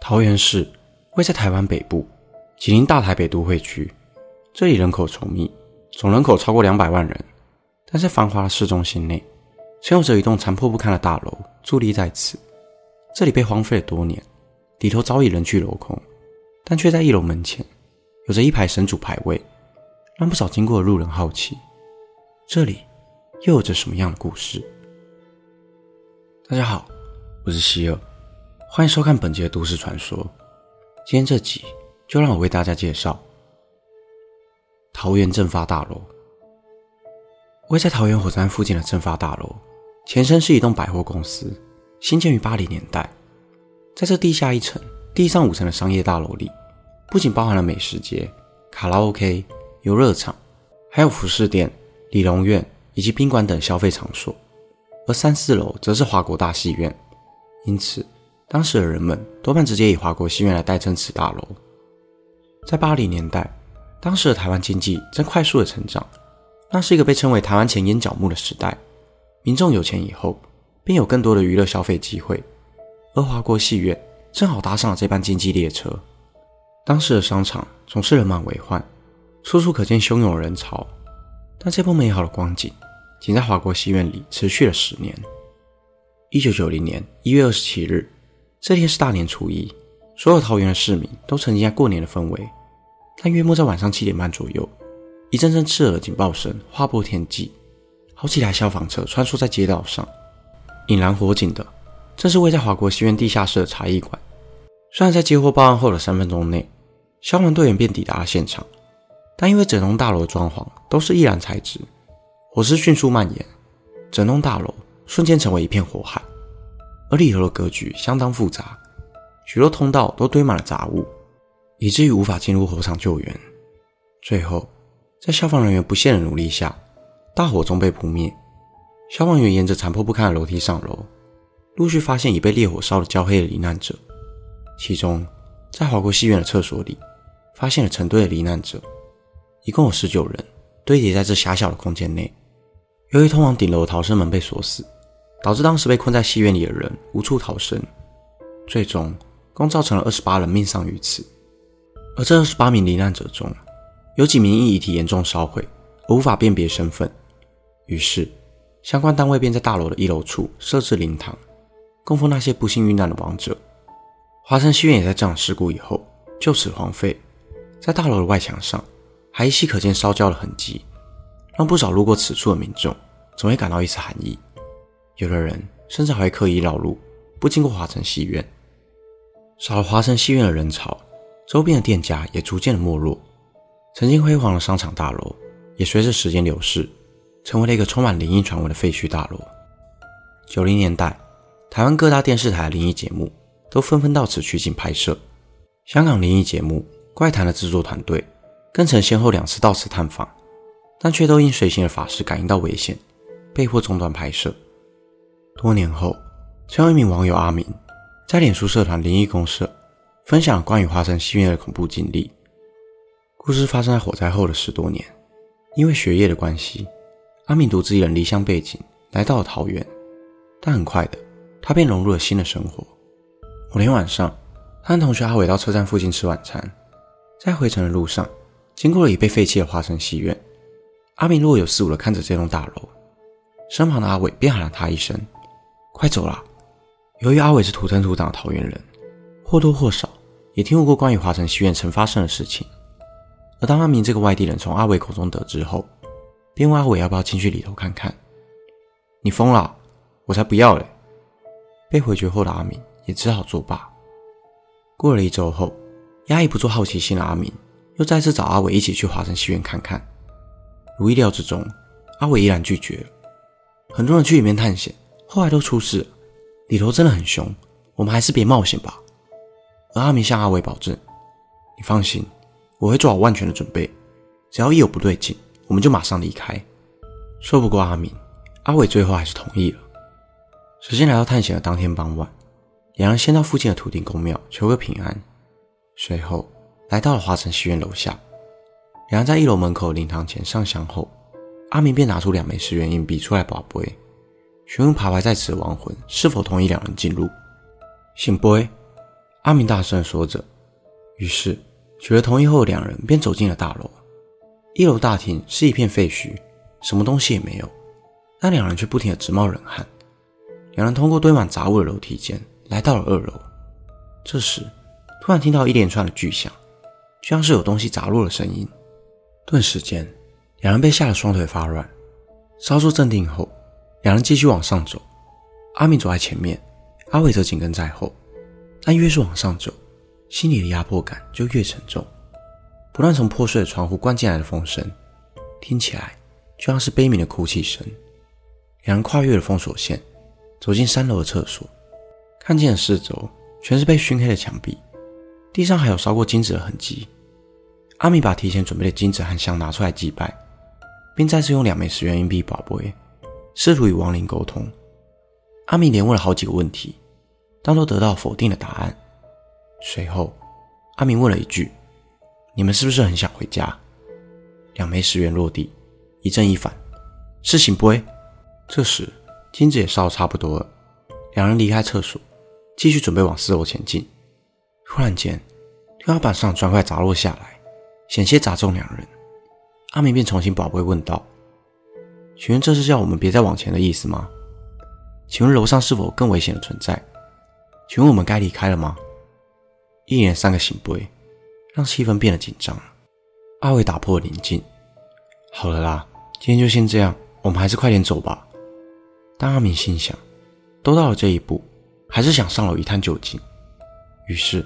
桃園市位在台灣北部，緊鄰大台北都會區。這裡人口稠密，總人口超過兩百萬人。但在繁華的市中心內，卻有着一棟殘破不堪的大樓佇立在此。這裡被荒廢了多年，裡頭早已人去樓空，但卻在一樓門前，有着一排神主牌位，讓不少經過的路人好奇：這裡又有着什麼樣的故事？大家好，我是希爾。歡迎收看本節的《都市傳說》。今天這集就讓我為大家介紹桃園正發大樓。位在桃園火車站附近的正發大樓，前身是一棟百貨公司，興建於八零年代。在這地下一層、地上五層的商業大樓裡，不僅包含了美食街、卡拉 OK、遊樂場，還有服飾店、理容院以及賓館等消費場所，而三四樓則是華國大戲院。因此，當時的人們多半直接以華國戲院來代稱此大樓。在80年代，當時的台灣經濟正快速的成長，那是一個被稱為台灣錢淹腳目的時代。民眾有錢以後，便有更多的娛樂消費機會，而華國戲院正好搭上了這班經濟列車。當時的商場總是人滿為患，處處可見洶湧人潮，但這波美好的光景僅在華國戲院裡持續了十年。一九九零年一月二十七日。這天是大年初一，所有桃園的市民都沉浸在過年的氛圍。但約莫在晚上七點半左右，一陣陣刺耳的警報聲劃破天際，好幾台消防車穿梭在街道上。引燃火警的正是位在華國戲院地下室的茶藝館。雖然在接獲報案後的三分鐘內，消防隊員便抵達了現場，但因為整棟大樓的裝潢都是易燃材質，火勢迅速蔓延，整棟大樓瞬間成為一片火海。而裡頭的格局相當複雜，許多通道都堆滿了雜物，以至於無法進入火場救援。最後，在消防人員不懈的努力下，大火終被撲滅。消防員沿着殘破不堪的樓梯上樓，陸續發現已被烈火燒得焦黑的罹難者。其中，在華國戲院的廁所裡，發現了成堆的罹難者，一共有十九人堆疊在這狹小的空間內。由於通往頂樓的逃生門被鎖死。導致當時被困在戲院裡的人無處逃生，最終共造成了二十八人命喪於此。而這二十八名罹難者中，有幾名因遺體嚴重燒毀而無法辨別身份，於是相關單位便在大樓的一樓處設置靈堂，供奉那些不幸遇難的亡者。華城戲院也在這場事故以後就此荒廢，在大樓的外牆上還依稀可見燒焦的痕跡，讓不少路過此處的民眾總會感到一絲寒意。有的人甚至還刻意繞路，不經過華城戲院。少了華城戲院的人潮，周邊的店家也逐漸的沒落。曾經輝煌的商場大樓，也隨着時間流逝，成為了一個充滿靈異傳聞的廢墟大樓。九零年代，台灣各大電視台靈異節目都紛紛到此取景拍攝。香港靈異節目《怪談》的制作團隊更曾先後兩次到此探訪，但卻都因隨行的法師感應到危險，被迫中斷拍攝。多年後，曾有一名網友阿明，在臉書社團“靈異公社”分享了關於華城戲院的恐怖經歷。故事發生在火災後的十多年，因為學業的關係，阿明獨自一人離鄉背井，來到了桃園。但很快的，他便融入了新的生活。某天晚上，他和同學阿偉到車站附近吃晚餐，在回程的路上，經過了已被廢棄的華城戲院。阿明若有似無的看着這棟大樓，身旁的阿偉便喊了他一聲。快走了。由於阿偉是土生土長的桃園人，或多或少也聽過過關於華城戲院曾發生的事情。而當阿明這個外地人從阿偉口中得知後，便問阿偉要不要進去裡頭看看。你瘋了？我才不要嘞！被回絕後的阿明也只好作罷。過了一周後，壓抑不住好奇心的阿明又再次找阿偉一起去華城戲院看看。如意料之中，阿偉依然拒絕。很多人去裡面探險，後來都出事了，裡頭真的很凶，我們還是別冒險吧。而阿明向阿偉保證：“你放心，我會做好萬全的準備，只要一有不對勁，我們就馬上離開。”說不過阿明，阿偉最後還是同意了。首先來到探險的當天傍晚，兩人先到附近的土地公廟求個平安，隨後來到了華城戲院樓下。兩人在一樓門口靈堂前上香後，阿明便拿出兩枚十元硬幣出來博杯詢問徘徊在此的亡魂是否同意兩人進入。聖杯，阿明大聲說着。於是取得同意後，兩人便走進了大樓。一樓大廳是一片廢墟，什麼東西也沒有，但兩人卻不停的直冒冷汗。兩人通過堆滿雜物的樓梯間，來到了二樓。這時，突然聽到一連串的巨響，像是有東西砸落的聲音。頓時間，兩人被嚇得雙腿發軟。稍作鎮定後，兩人繼續往上走，阿明走在前面，阿偉則緊跟在後。但越是往上走，心裡的壓迫感就越沉重。不斷從破碎的窗戶灌進來的風聲，聽起來就像是悲鳴的哭泣聲。兩人跨越了封鎖線，走進三樓的廁所，看見的四周全是被燻黑的牆壁，地上還有燒過金紙的痕跡。阿明把提前準備的金紙和香拿出來祭拜，並再次用兩枚十元硬幣保平試圖與亡靈溝通，阿明連問了好幾個問題，但都得到否定的答案。隨後，阿明問了一句：“你們是不是很想回家？”兩枚十元落地，一正一反。事情不危。這時，金子也燒得差不多了，兩人離開廁所，繼續準備往四樓前進。突然間，天花板上磚塊砸落下來，險些砸中兩人。阿明便重新把貝問道。請問這是叫我們別再往前的意思嗎？請問樓上是否更危險的存在？請問我們該離開了嗎？一連三個“聖杯”，讓氣氛變得緊張了。阿偉打破了寧靜。好了啦，今天就先這樣，我們還是快點走吧。但阿明心想，都到了這一步，還是想上樓一探究竟。於是，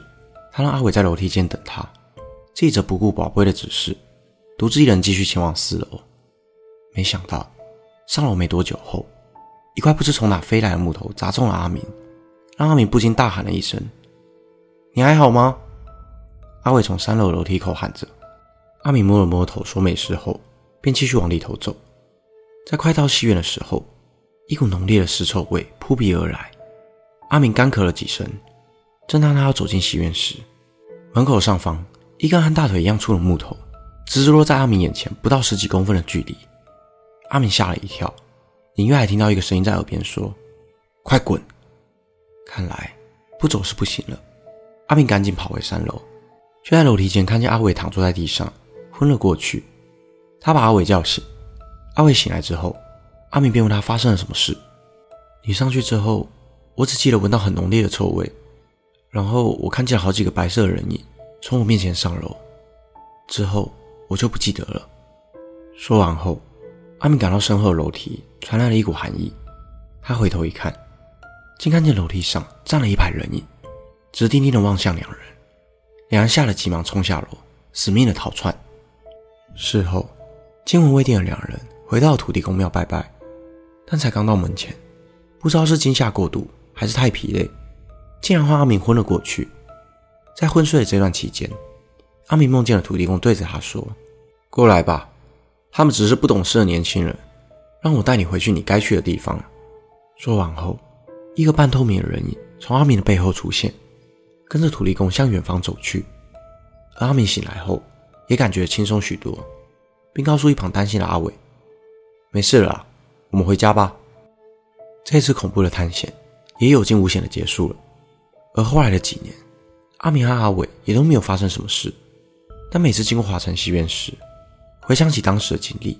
他讓阿偉在樓梯間等他，記者不顧寶貝的指示，獨自一人繼續前往四樓。沒想到。上樓沒多久後，一塊不知從哪飛來的木頭砸中了阿明，讓阿明不禁大喊了一聲：“你還好嗎？”阿偉從三樓樓梯口喊着。阿明摸了摸頭說沒事後，便繼續往裡頭走。在快到戲院的時候，一股濃烈的屍臭味撲鼻而來，阿明乾咳了幾聲。正當他要走進戲院時，門口上方一根和大腿一樣粗的木頭，直直落在阿明眼前不到十幾公分的距離。阿明嚇了一跳，隱約還聽到一個聲音在耳邊說：“快滾！”看來不走是不行了。阿明趕緊跑回三樓，就在樓梯間看見阿偉躺坐在地上，昏了過去。他把阿偉叫醒，阿偉醒來之後，阿明便問他發生了什麼事：“你上去之後，我只記得聞到很濃烈的臭味，然後我看見了好幾個白色的人影從我面前上樓，之後我就不記得了。”說完後，阿明感到身後的樓梯傳來了一股寒意，他回頭一看，竟看見樓梯上站了一排人影，直盯盯的望向兩人。兩人嚇得急忙衝下樓，死命的逃竄。事後驚魂未定的兩人回到了土地公廟拜拜，但才剛到門前，不知道是驚嚇過度還是太疲累，竟然讓阿明昏了過去。在昏睡的這段期間，阿明夢見了土地公，對着他說：“過來吧。”他們只是不懂事的年輕人，讓我帶你回去你該去的地方。說完後，一個半透明的人影從阿明的背後出現，跟着土地公向遠方走去。而阿明醒來後也感覺輕鬆許多，並告訴一旁擔心的阿偉：“沒事了啦，我們回家吧。”這次恐怖的探險也有驚無險的結束了。而後來的幾年，阿明和阿偉也都沒有發生什麼事，但每次經過華城戲院時，回想起當時的經歷，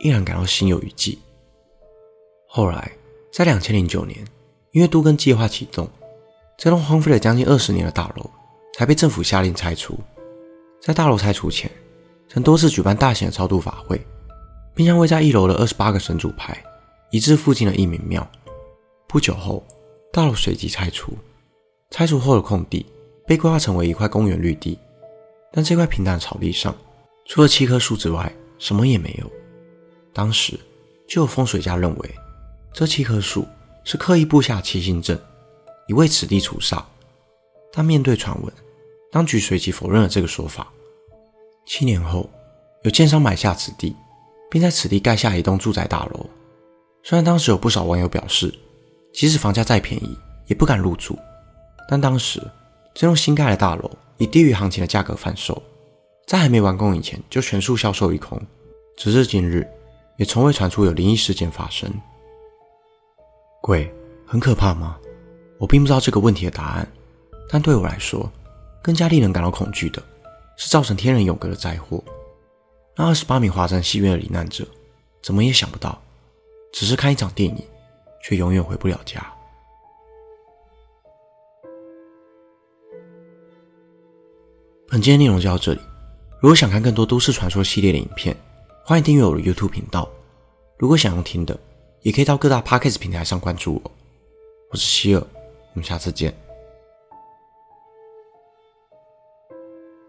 依然感到心有餘悸。後來，在兩千零九年，因為都更計劃啟動，這棟荒廢了將近二十年的大樓才被政府下令拆除。在大樓拆除前，曾多次舉辦大型的超度法會，並將位在一樓的二十八個神主牌移至附近的義民廟。不久後，大樓隨即拆除，拆除後的空地被規劃成為一塊公園綠地。但這塊平坦的草地上，除了七棵樹之外，什麼也沒有。當時，就有風水家認為，這七棵樹是刻意布下七星陣，以為此地除煞。但面對傳聞，當局隨即否認了這個說法。七年後，有建商買下此地，並在此地蓋下一棟住宅大樓。雖然當時有不少網友表示，即使房價再便宜，也不敢入住，但當時這棟新蓋的大樓以低於行情的價格販售。在還沒完工以前，就全數銷售一空，直至今日，也從未傳出有靈異事件發生。鬼，很可怕嗎？我並不知道這個問題的答案，但對我來說，更加令人感到恐懼的是造成天人永隔的災禍。那二十八名華山戲院的罹難者，怎麼也想不到，只是看一場電影，卻永遠回不了家。本期的內容就到這裡。如果想看更多都市傳說系列的影片，歡迎訂閱我的 YouTube 頻道。如果想要聽的，也可以到各大 Podcast 平台上關注我。我是希爾，我們下次見。